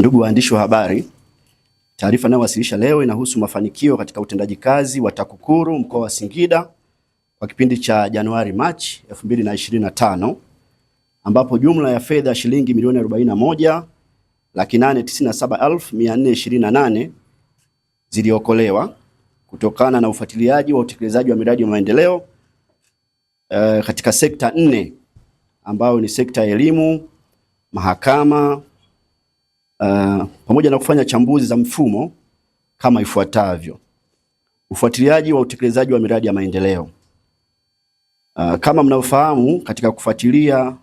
Ndugu waandishi wa habari, taarifa inayowasilisha leo inahusu mafanikio katika utendaji kazi wa TAKUKURU mkoa wa Singida kwa kipindi cha Januari Machi 2025 ambapo jumla ya fedha shilingi milioni 41 laki 897428 ziliokolewa kutokana na ufuatiliaji wa utekelezaji wa miradi ya maendeleo uh, katika sekta nne ambayo ni sekta ya elimu, mahakama uh, pamoja na kufanya chambuzi za mfumo kama ifuatavyo: ufuatiliaji wa utekelezaji wa miradi ya maendeleo. Uh, kama mnavyofahamu, katika kufuatilia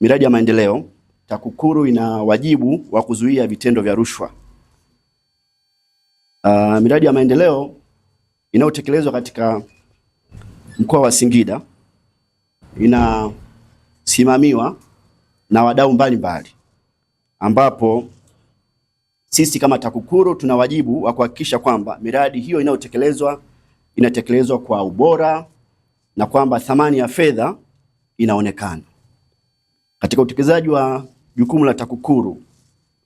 miradi ya maendeleo TAKUKURU ina wajibu wa kuzuia vitendo vya rushwa. Uh, miradi ya maendeleo inayotekelezwa katika mkoa wa Singida inasimamiwa na wadau mbalimbali ambapo sisi kama TAKUKURU tuna wajibu wa kuhakikisha kwamba miradi hiyo inayotekelezwa inatekelezwa kwa ubora na kwamba thamani ya fedha inaonekana. Katika utekelezaji wa jukumu la TAKUKURU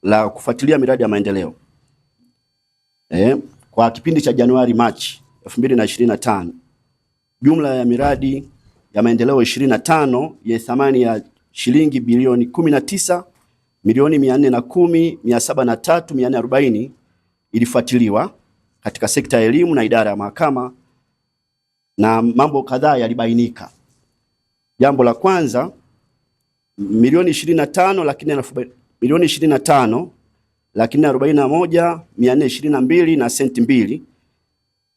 la kufuatilia miradi ya maendeleo eh, kwa kipindi cha Januari Machi 2025 jumla ya miradi ya maendeleo 25 yenye thamani ya shilingi bilioni milioni mia nne na kumi mia saba na tatu mia nne arobaini ilifuatiliwa katika sekta ya elimu na idara ya mahakama, na mambo kadhaa yalibainika. Jambo la kwanza, milioni ishirini na tano laki nne milioni ishirini na tano laki arobaini na moja mia nne ishirini na mbili na senti mbili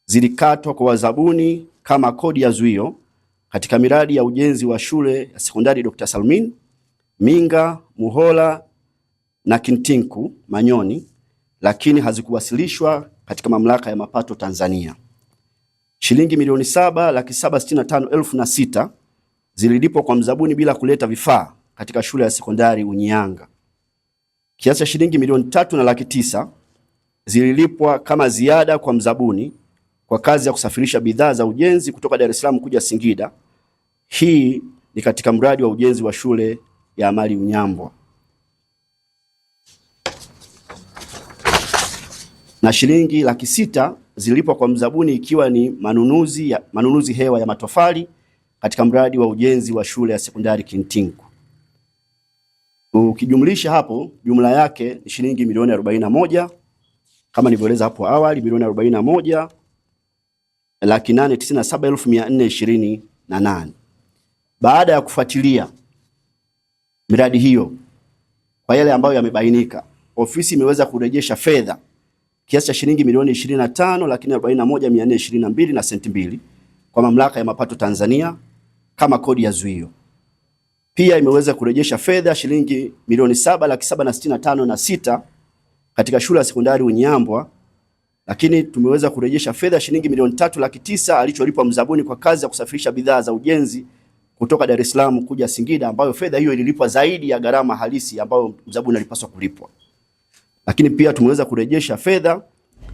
zilikatwa kwa wazabuni kama kodi ya zuio katika miradi ya ujenzi wa shule ya sekondari Dr. Salmin Minga, Muhola, na Kintinku Manyoni, lakini hazikuwasilishwa katika mamlaka ya mapato Tanzania. Shilingi milioni saba laki saba sitini na tano elfu na sita zililipwa kwa mzabuni bila kuleta vifaa katika shule ya sekondari Unyianga. Kiasi cha shilingi milioni tatu na laki tisa zililipwa kama ziada kwa mzabuni kwa kazi ya kusafirisha bidhaa za ujenzi kutoka Dar es Salaam kuja Singida. Hii ni katika mradi wa ujenzi wa shule ya Amali Unyambwa. na shilingi laki sita zililipwa kwa mzabuni ikiwa ni manunuzi, ya, manunuzi hewa ya matofali katika mradi wa ujenzi wa shule ya sekondari Kintingu. Ukijumlisha hapo jumla yake ni shilingi milioni 41 moja kama nilivyoeleza hapo awali, milioni 41 na moja laki nane tisini na saba elfu mia nne ishirini na nane. Baada ya kufuatilia miradi hiyo kwa yale ambayo yamebainika, ofisi imeweza kurejesha fedha kiasi cha shilingi milioni 25 lakini 41422 na senti mbili kwa mamlaka ya mapato Tanzania kama kodi ya zuio. Pia imeweza kurejesha fedha shilingi milioni 7 laki saba na sitini na tano na sita katika shule ya sekondari Unyambwa, lakini tumeweza kurejesha fedha shilingi milioni 3 laki tisa alicholipwa mzabuni kwa kazi ya kusafirisha bidhaa za ujenzi kutoka Dar es Salaam kuja Singida, ambayo fedha hiyo ililipwa zaidi ya gharama halisi ambayo mzabuni alipaswa kulipwa. Lakini pia tumeweza kurejesha fedha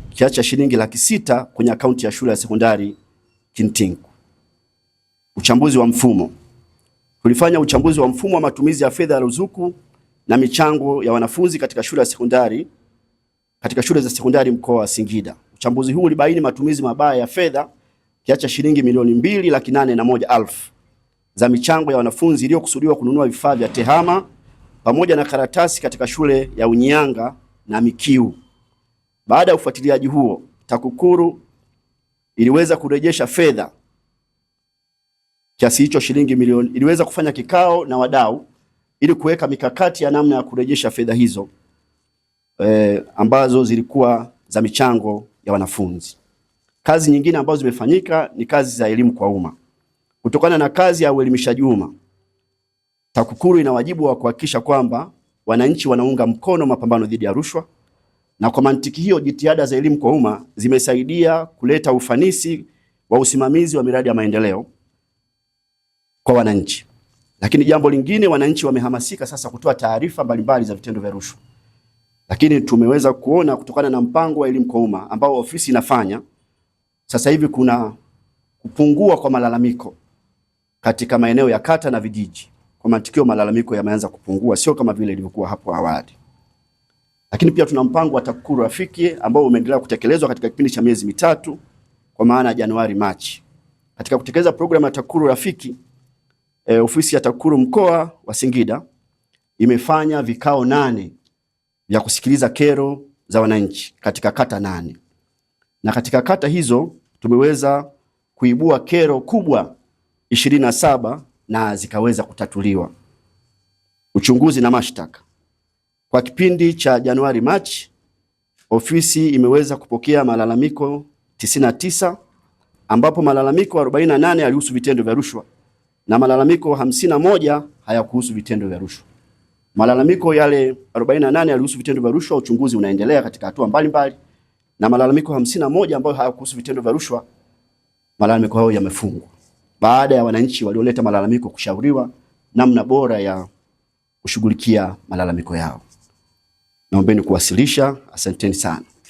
kiasi cha shilingi laki sita kwenye akaunti ya shule ya sekondari Kintingu. Uchambuzi wa mfumo. Tulifanya uchambuzi wa mfumo wa matumizi ya fedha ya ruzuku na michango ya wanafunzi katika shule ya sekondari katika shule za sekondari mkoa wa Singida. Uchambuzi huu ulibaini matumizi mabaya ya fedha kiasi cha shilingi milioni mbili laki nane na moja alfu za michango ya wanafunzi iliyokusudiwa kununua vifaa vya tehama pamoja na karatasi katika shule ya Unyanga na mikiu. Baada ya ufuatiliaji huo, TAKUKURU iliweza kurejesha fedha kiasi hicho shilingi milioni, iliweza kufanya kikao na wadau ili kuweka mikakati ya namna ya kurejesha fedha hizo e, ambazo zilikuwa za michango ya wanafunzi. Kazi nyingine ambazo zimefanyika ni kazi za elimu kwa umma. Kutokana na kazi ya uelimishaji umma, TAKUKURU ina wajibu wa kuhakikisha kwamba wananchi wanaunga mkono mapambano dhidi ya rushwa, na kwa mantiki hiyo jitihada za elimu kwa umma zimesaidia kuleta ufanisi wa usimamizi wa miradi ya maendeleo kwa wananchi. Lakini jambo lingine, wananchi wamehamasika sasa kutoa taarifa mbalimbali za vitendo vya rushwa, lakini tumeweza kuona kutokana na mpango wa elimu kwa umma ambao ofisi inafanya sasa hivi kuna kupungua kwa malalamiko katika maeneo ya kata na vijiji kwa matukio malalamiko yameanza kupungua, sio kama vile ilivyokuwa hapo awali. Lakini pia tuna mpango wa TAKUKURU Rafiki ambao umeendelea kutekelezwa katika kipindi cha miezi mitatu kwa maana ya Januari, Machi. Katika kutekeleza programu ya TAKUKURU Rafiki e, ofisi ya TAKUKURU mkoa wa Singida imefanya vikao nane vya kusikiliza kero za wananchi katika kata nane, na katika kata hizo tumeweza kuibua kero kubwa ishirini na saba na zikaweza kutatuliwa. Uchunguzi na mashtaka. Kwa kipindi cha Januari Machi, ofisi imeweza kupokea malalamiko 99 ambapo malalamiko 48 yalihusu vitendo vya rushwa na malalamiko 51 hayakuhusu vitendo vya rushwa. Malalamiko yale 48 yalihusu vitendo vya rushwa, uchunguzi unaendelea katika hatua mbalimbali, na malalamiko 51 ambayo hayakuhusu vitendo vya rushwa, malalamiko hayo yamefungwa baada ya wananchi walioleta malalamiko kushauriwa namna bora ya kushughulikia malalamiko yao. Naombeni kuwasilisha. Asanteni sana.